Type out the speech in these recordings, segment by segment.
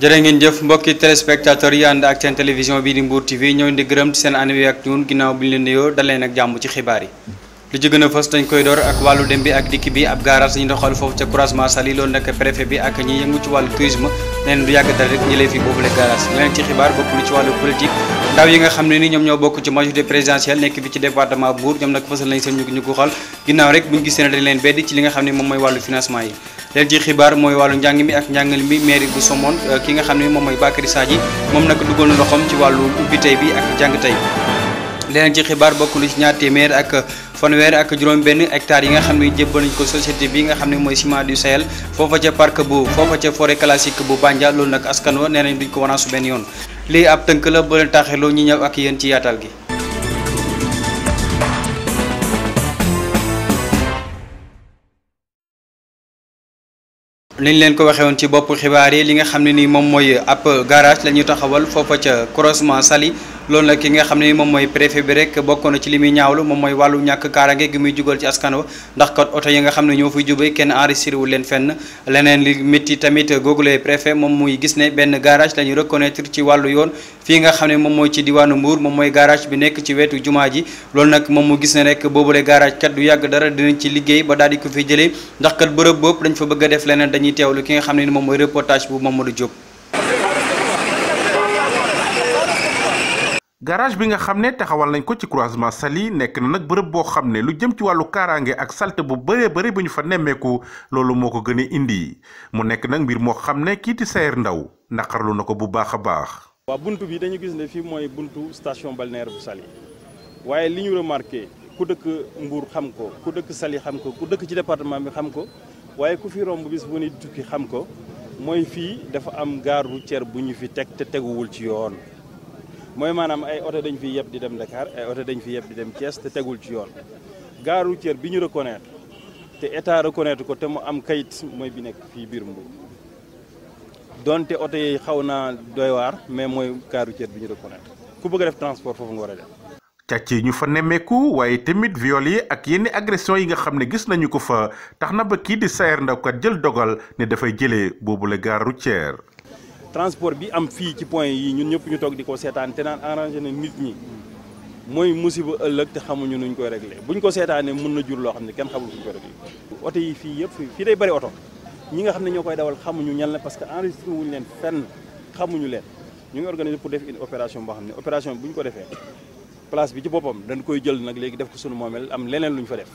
jërë ngeen jëf mbokki téléspectateurs yi ànd ak seen télévision bii di Mbour TV ñoo ni di gërëm seen ànd wi ak ñun ginnaaw bi ñu leen nuyoo daleen ak jàmm ci xibaar yi. li ci gën a fës dañ koy door ak wàllu dem bi ak dikk bi ab garage dañu doxal foofu ca croisement Saly loolu nag préfet bi ak ñi yëngu ci wàllu tourisme neen du yàgg dara rek jëlee fi boobule garage leneen ci xibaar bokk na ci wàllu politique ndaw yi nga xam ne ni ñoom ñoo bokk ci majorité présidentielle nekk fi ci département Mbour ñoom nag fësal nañ seen ñu leen beddi ci li nga xam ne moom mooy wàllu financement yi leen ci xibaar mooy wàllu njàng mi ak njàngal mi mairie bu moom mooy Bakary Sadji moom nag dugal leneen ci xibaar bokk na ci ñaar téeméer ak fanweer ak juróom-benn hectares yi nga xam ne jébbal nañ ko société bi nga xam ne mooy ciment du Sahel foofa ca parc bu foofa ca forêt classique bu Bandia loolu nag askan wa nee nañ duñ ko wanaasu benn yoon lii ab tënk la ba leen taaxeeloo ñu ñëw ak yéen ci yaatal gi. liñ leen ko waxee woon ci bopp xibaar yi li nga xam ne ni moom mooy ab garage la ñuy taxawal foofa ca croisement Saly. loolu nag ki nga xam ne moom mooy préfet bi rek bokkoon ci li muy ñaawlu moom mooy wàllu ñàkk kaarange gi muy jugal ci askan wa ndax kat oto yi nga xam ne ñoo fay jubee kenn enregistré wu leen fenn leneen li métti tamit googulee préfet moom muy gis ne benn garage la ñu reconnaître ci wàllu yoon fii nga xam ne moom mooy ci diwaanu mbur moom mooy garage bi nekk ci wetu jumaa ji loolu nag moom mu gis ne boobu boobule garage kat du yàgg dara dinañ ci liggéey ba daal di ko fi jëlee ndax kat bërëb fa bëgg a def leneen dañuy teewlu ki xam ne moom mooy reportage bu Mamadou Diop garage bi nga xam ne taxawal nañ ko ci croisement Saly nekk na nag bërëb boo xam ne lu jëm ci wàllu kaaraange ak salte bu bëree bëri bu ñu fa nemmeeku loolu moo ko gën a indi mu nekk nag mbir moo xam ne kii di Saer Ndao naqarlu na ko bu baax a baax. waa bunt bi dañu gis ne fii mooy buntu station balnéaire bu sali waaye li ñu remarqué ku dëkk Mbour xam ko ku dëkk Saly xam ko ku dëkk ci département bi xam ko waaye ku fi romb bis bu ni tukki xam ko mooy fii dafa am gare routière bu ñu fi teg te teguwul ci yoon. mooy maanaam ay oto dañ fii yeb di dem Dakar ay oto dañ fi yeb di dem Thiès te tegul ci yoon gaaru routière bi ñu reconnaître te état reconnaître ko te mu am kayit mooy bi nekk fii biir Mbour donte oto yi xaw naa doy waar mais mooy gare routière bi ñu reconnaître ku bëgg a def transport foofu nga war a dem. càcc yi ñu fa nemmeeku waaye tamit viol yi ak yenn agression yi nga xam ne gis nañu ko fa tax na ba kii di Saer Ndao kat jël dogal ne dafay jële boobu la gare transport bi am fii ci point yi ñun ñëpp ñu toog di ko seetaan te naan arrangé na nit ñi mooy musiba ëllëg te xamuñu nuñ koy bu ñu ko seetaanee mun na jur loo xam ne kenn xamul fuñ koy réglé oto yi fii yëpp fii day bëri oto ñi nga xam ne ñoo koy dawal xamuñu ñan la parce que enregistré wuñu leen fenn xamuñu leen ñu ngi organisé pour def une opération boo xam ne opération bi bu ñu ko defee place bi ci boppam dañ koy jël nag léegi def ko suñu moomeel am leneen lu ñu fa def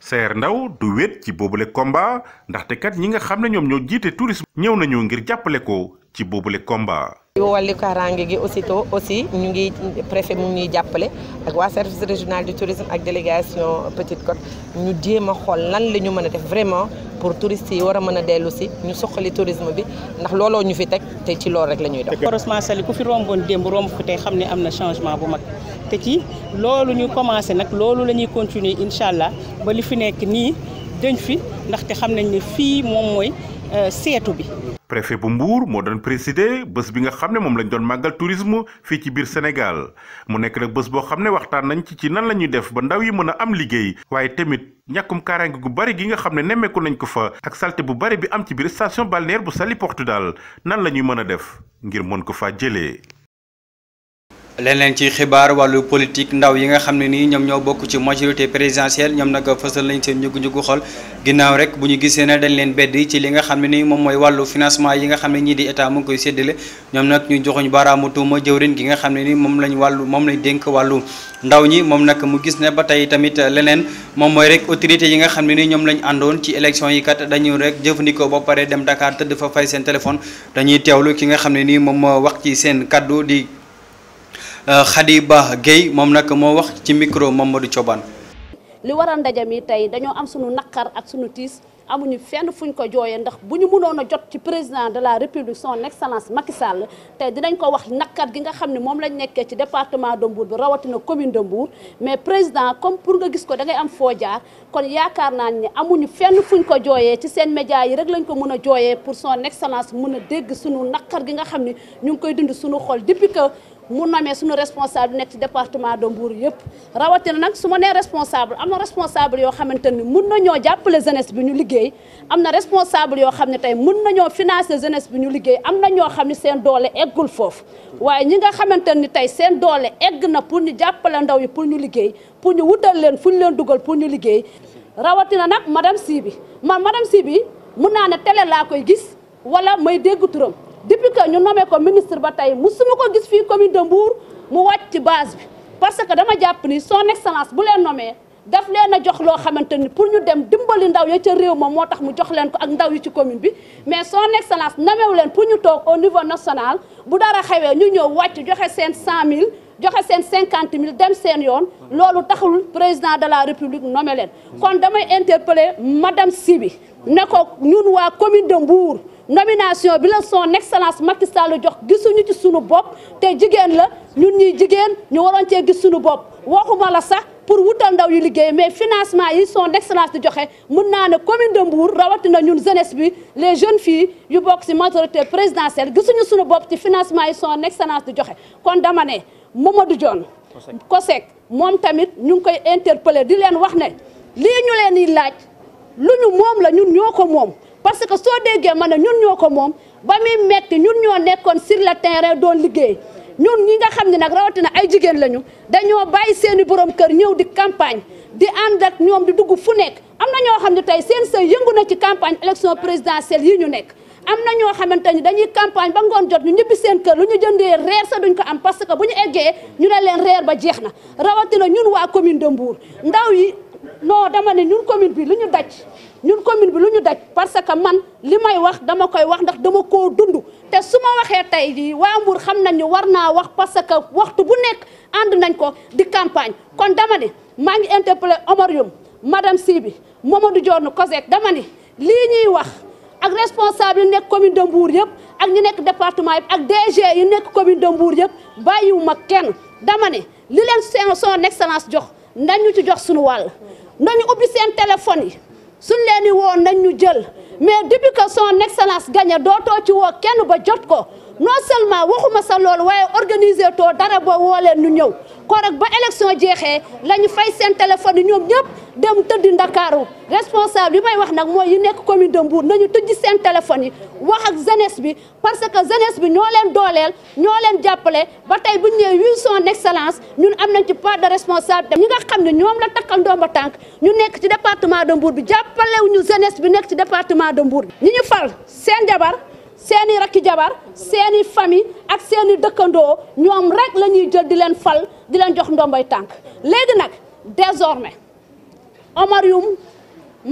Saer ndaw du wet ci boobule combat ndaxte kat ñi nga xam ne ñoom ñoo jiite tourisme ñëw nañu ngir jàppale ko ci boobule combat. wàllu kaaraange gi aussitôt aussi ñu ngi préfet mu ngi ñuy jàppale ak waa service régional du tourisme ak délégation Petite Côte ñu jéem a xool lan la ñu mën a def vraiment pour touristes yi war a mën a dellu si ñu soxali tourisme bi ndax looloo ñu fi teg te ci loolu rek la ñuy dox. heureusement Saly ku fi romboon démb romb ko tey xam ne am na changement bu mag. te loolu ñu commencé nag loolu lañuy ñuy continuer incha allah ba li fi nekk nii dëñ fi ndaxte xam nañ ne fii moom mooy euh, seetu bi. préfet bu mbuur moo doon présider bés bi nga xam ne moom lañ doon màggal tourisme fii ci biir Sénégal mu nekk nag bës boo xam ne waxtaan nañ ci ci nan la ñuy def ba ndaw yi mën a am liggéey waaye tamit ñàkkum kaaraange gu bari gi nga xam ne nemmeeku nañ ko fa ak salte bu bari bi am ci biir station balnéaire bu Saly Portudal nan la ñuy mën a def ngir mën ko faa jëlee. lenen ci xibaar walu politique ndaw yi nga xamni ni ñom ñoo bokku ci majorité présidentielle ñom nag fësal nañ ci ñugu-ñugu xol ginnaaw rek buñu gisé na dañ leen bédd ci li nga xamni ni mom moy walu financement yi nga xamni ñi di état mu ngi koy sédélé ñom nak ñu joxuñ baaraamu tuuma jëwrin gi nga xamni ni mom lañ walu mom lañ denk walu ndaw ñi mom nak mu gis ne ba tamit lenen mom moy rek autorité yi nga xamni ni ñom lañ andon ci élection yi kat dañu rek jëfëndiko ba paré dem Dakar tedd fa fay sen téléphone dañuy tewlu ki nga xamni ni mom wax ci sen cadeau di Euh, Khadiba Gueye moom nag moo wax ci micro moom Mamadou Thioban. li waral ndaje mi tey dañoo am suñu naqar ak suñu tiis amuñu fenn fuñ ko jooyee ndax bu ñu mënoon a jot ci président de la république son excellence Macky Sall dinañ ko wax naqar gi nga xam ne moom lañ nekkee ci département de Mbour bi rawatina commune de Mbour mais président comme pour nga gis ko dangay am foo jaar kon yaakaar naa ne amuñu fenn fuñ ko jooyee ci seen média yi rek lañ ko mën a jooyee pour son excellence mën a dégg suñu naqar gi nga xam ne ñu ngi koy dund suñu xol depuis que mun mu nommé suñu responsable nekk ci département de Mbour yëpp rawatina nag su ma nee responsable am na responsable yoo xamante ni mun nañoo jàppale jeunesse bi ñu liggéey am na responsable yoo xam ne tey mun nañoo financer jeunesse bi ñu liggéey am na ñoo xam ne seen doole eggul foofu waaye ñi nga xamante ni tey seen doole egg na pour ñu jàppale ndaw yi pour ñu liggéey pour ñu wutal leen fu ñu leen dugal pour ñu liggéey rawatina nag madame Sibi man madame Sibi mun naa ne télé laa koy gis wala may dégg turam depuis que nous nommé comme ministre bataille, nous sommes ko gis commune de Mbour mu base parce que dans ma ni son excellence bu l'avez nommé daf a jox nous pour ñu dem dimbali ndaw à mu jox mais son excellence namewu pour nous au niveau national bu dara xewee ñu ñëw wàcc 000, nous 100000 000, nous 50000 dem seen yoon taxul président de la république nommé Quand kon interpeller madame Sibi nous nous ñun waa commune de nomination bi la son excellence Macky Sall jox gisuñu ci sunu bop te jigen la ñun ñi jigen ñu waron ci gis bop waxuma la sax pour wutal ndaw yu liggéey mais financement yi son excellence di joxe mun naa ne commune de Mbour rawati na ñun jeunesse bi les jeunes filles yu bok ci majorité présidentielle gisuñu sunu bop ci financement yi son excellence di joxe kon dama né Mamadou Dione Kosek mom tamit ñu koy interpeller di leen wax né li ñu leen di laaj lu ñu moom la ñun ñoko mom parce que soo déggee ma ne ñun ñoo ko moom ba muy metti ñun ñoo nekkoon sur le terrain doon liggéey ñun ñi nga xam ne nag rawatina ay jigéen lañu dañoo bàyyi seeni borom kër ñëw di campagne di ànd ak ñoom di dugg fu nekk am na ñoo xam ne tey seen sëy yëngu na ci campagne élection présidentielle yi ñu nekk am na ñoo xamante ni dañuy campagne ba ngoon jot ñu ñibbi seen kër lu ñu jëndee reer sa duñ ko am parce que bu ñu eggee ñu ne leen reer ba jeex na rawatina ñun waa commune de Mbour ndaw yi non dama ne commune bi lu ñu daj ñun commune bi lu ñu daj parce que man li may wax dama koy wax ndax dama koo dund te su ma waxee tey jii waa Mbour xam nañ ni war naa wax parce que waxtu bu nekk ànd nañ ko di campagne kon dama ne maa ngi interpellé Omar Youm madame Sibi Mamadou Dione COSEC dama ne lii ñuy wax ak responsable yi nekk commune de Mbour yëpp ak ñu nekk département yëpp ak DG yi nekk commune de Mbour yëpp bàyyiwuma kenn dama ne li leen seen son excellence jox nañu ci jox suñu wàll nañu ubbi seen téléphone yi suñ leen di woo nañ ñu jël mais depuis que son excellence gagné dootoo ci woo kenn ba jot ko non seulement waxuma sa loolu waaye organiser too dara ba woo leen ñu ñëw korok ba élection jeexee la ñu fay seen téléphone yi ñoom ñëpp dem tëdd ndakaaru responsable yi may wax nag mooy yi nekk commune de Mbour nañu tëjji seen téléphone yi wax ak jeunesse bi parce que jeunesse bi ñoo leen dooleel ñoo leen jàppale ba tey bu ñu nee wi son excellence ñun am nañ ci part de responsabilité ñi nga xam ne ñoom la takkal ndomba tànk ñu nekk ci département de Mbour bi ñu jeunesse bi nekk ci département de Mbour bi ñi ñu fal seen jabar seeni rakki jabar seeni famille ak seeni dëkkandoo ñoom rek la ñuy jël di leen fal dilan leen jox ndomboy tank léegi nak désormais Omar Youm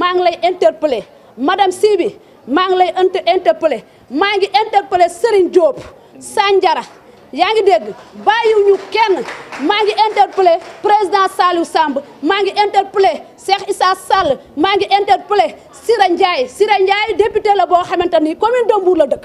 mang lay interpeller madame Sibi mang interpellé, lay interpeller maa ngi interpeller Serigne Diop Sandiara yaangi deg dégg kenn interpellé président salou Samb maa interpellé Cheikh Issa Sall m'a interpellé Sira Ndiaye Sira député la bo xamanteni combien commune de Mbour la deuk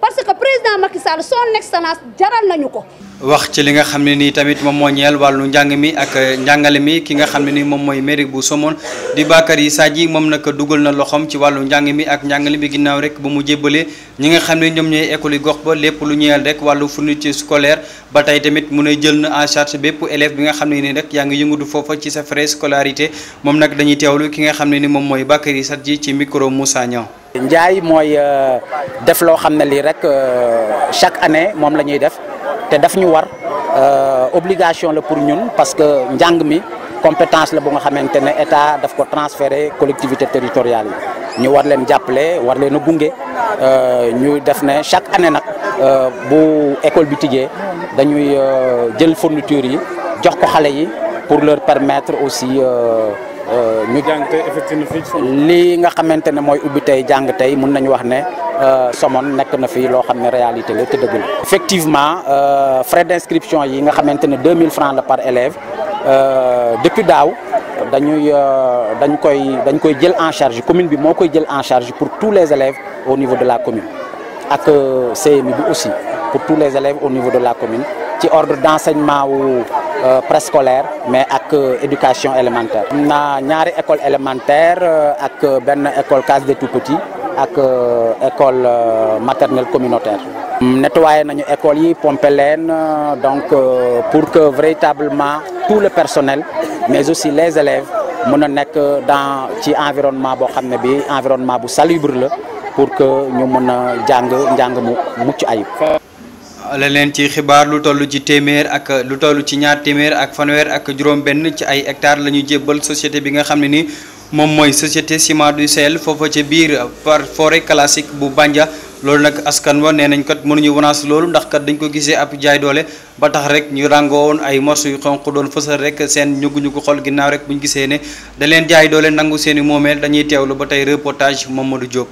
parce que président Macky Sall son excellence jaral nañu ko. wax ci li nga xamni ni tamit mom mo ñeel walu njang mi ak eh, njangal mi ki nga xamni ni mom moy mairie bu Somone di bakari Sadji mom nak duggal na loxom ci walu njang mi ak njangal mi ginnaaw rek bu mu jébbalee ñi nga xamni ñom ñoy école gox ba lepp lu ñeel rek walu fourniture scolaire ba tay tamit mu ne jël na en charge bép élève bi nga xamni ni nii ya nga ngi yëngatu foofa ci sa frais scolarité mom nak dañuy tewlu ki nga xamni ni mom moy bakari Sadji ci micro Moussa Niang njaay moy euh, def lo xam li rek euh, chaque année mom lañuy def té daf ñu war euh, obligation la pour ñun parce que njang mi compétence la bu nga xamante état daf ko transférer collectivité territoriale ñu war leen jàppale war leen a gunge ñu def né chaque année nak bu école bi tijjee dañuy jël fourniture yi jox ko xalé yi pour leur permettre aussi effectivement euh, frais d'inscription yi 2000 francs par élève euh, depuis daw euh, dañ en charge en charge pour tous les élèves au niveau de la commune ak aussi pour tous les élèves au niveau de la commune ordre d'enseignement euh, préscolaire mais avec euh, éducation élémentaire. On avons une école élémentaire euh, ak une école case des tout-petits une école maternelle communautaire. nettoyer nañu école yi pomper donc pour que véritablement tout le personnel mais aussi les élèves puissent dans un environnement bo environnement salubre pour que nous puissions faire leneen ci xibaar lu toll ci téeméer ak lu toll ci ñaar téeméer ak fanweer ak juróom-benn ci ay hectares la ñu jébbal société bi nga xam ne ni moom mooy société ciment du Sahel foofa ca biir par forêt classique bu Bandia loolu nag askan wa nee nañ kat mënuñu wanaas loolu ndax kat dañ ko gisee ab jaay doole ba tax rek ñu ràngoo woon ay morso yu xonq doon fësal rek seen ñugu ñugu xol ginnaw rek bu ñu gisee ne da leen jaay doole nangu seeni i moomeel dañuy teewlu ba tey reportage Mamadou Diop.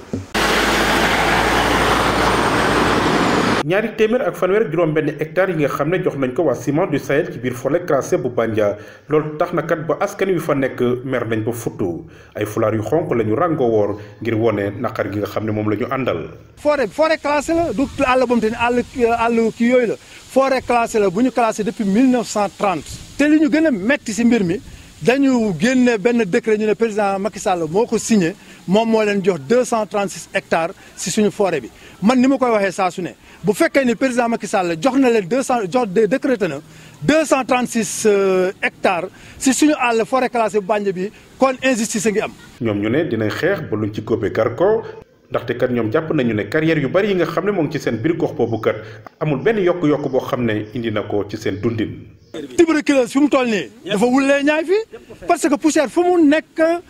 ñaari téeméer ak fanweer ak juróom benn hectare yi nga xam ne jox nañ ko waa ciment du Sahel ci biir forêt classée bu Bandia loolu tax na kat ba askan wi fa nekk mer nañ ba futtu ay fulaar yu xonk lañu rango ràngoo woor ngir wone naqar gi nga xam ne moom la ñu àndal. forêt forêt classée la du àll boobu te àll àll kii yooyu la forêt classée la bu ñu classé depuis 1930 te li ñu gën a metti si mbir mi dañu génne benn décret ñu ne président Macky Sall moo ko signé mom mo len jox 236 hectares ci suñu forêt bi man ni koy waxee sa su bu fekkee ni président Macky Sall jox na leen 200 jox décrété na 236 euh, hectares ci suñu àll forêt classée bu bi kon injustice a ngi am. ñom ñu né dina xeex ba luñ ci copé carco ndax té kat ñom japp nañu né carrière yu bari yi nga xamné mo ngi ci seen biir gox boobu kat amul ben yok yok bo xamné indi nako ci seen dundin. tuberculose fi mu toll nii. dafa wulé ñaay fi parce que poussière fu mu nekk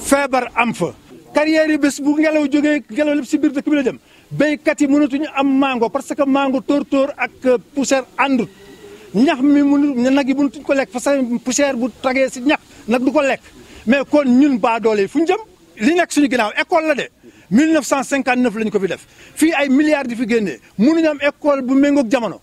feebar am fa. carrière yi bu ngelaw joge ngelaw lepp ci bir dekk bi la jëm béykat yi mënatuñu am mango parce que mango tor tor ak euh, poussière àndut ñax mi mënu nag yi mënatuñ ko lek fa poussière bu tagé ci ñax nak du ko lek mais kon ñun ba doole fu ñu jëm li nekk suñu ginaaw école la dé 1959 lañ ko fi def fi ay milliards di fi génnee mënuñu am école bu méngoog jamono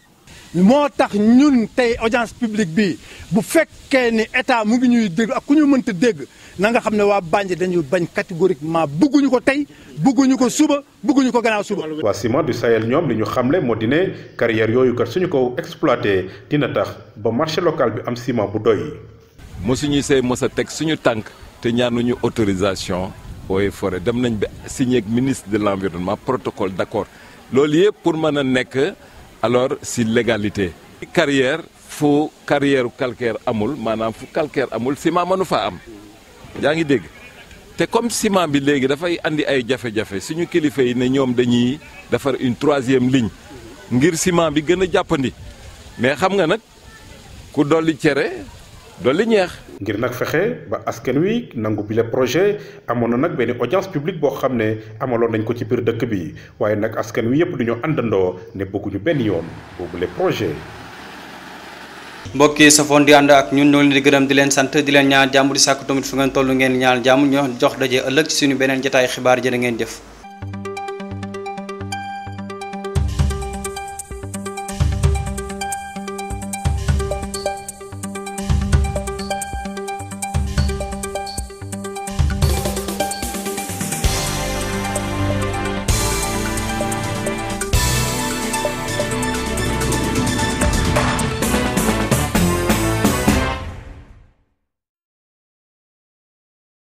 motax ñun tay audience publique bi bu fekkee ni état mu ngi ñuy dégg ak ku ñu mënta dégg na nga xam wa waa dañu bañ catégoriquement bëgguñu ko tay bëgguñu ko suba bëgguñu ko gannaaw suba. wa ciment du Sahel ñom li ñu xamle moo di ne carrière yoyu kër suñu ko exploité dina tax ba marché local bi am ciment bu doy. mosuñu see mos a tek suñu tànk te ñu autorisation eaux forêt dem nañ be signé ak ministre de l'environnement protocole d'accord lool yépp pour mëna nekk alors si légalité. carrière fu carrière calcaire amul manam fu calcaire amul ciment manu fa am yaa ngi dégg te comme ciment bi léegi dafay andi ay jafe-jafe suñu kilifa yi ne ñoom dañuy defar une troisième ligne ngir ciment bi gën a jàppandi mais xam nga nag ku dolli cere dolli ñeex. ngir nag fexe ba askan wi nangu bi le projet amoon na nag benn audience publique boo xam ne amaloon nañ ko ci biir dëkk bi waaye nag askan wi yëpp du ñu àndandoo ne bëgguñu benn yoon le projet. mbokk yi safoon di ànd ak ñun ñoo leen di gërëm di leen sant di leen ñaan jàmm di sàkk tamit fu ngeen toll ngeen ñaan jàmm ñoo jox daje ëllëg ci suñu beneen jataay xibaar jërë ngeen jëf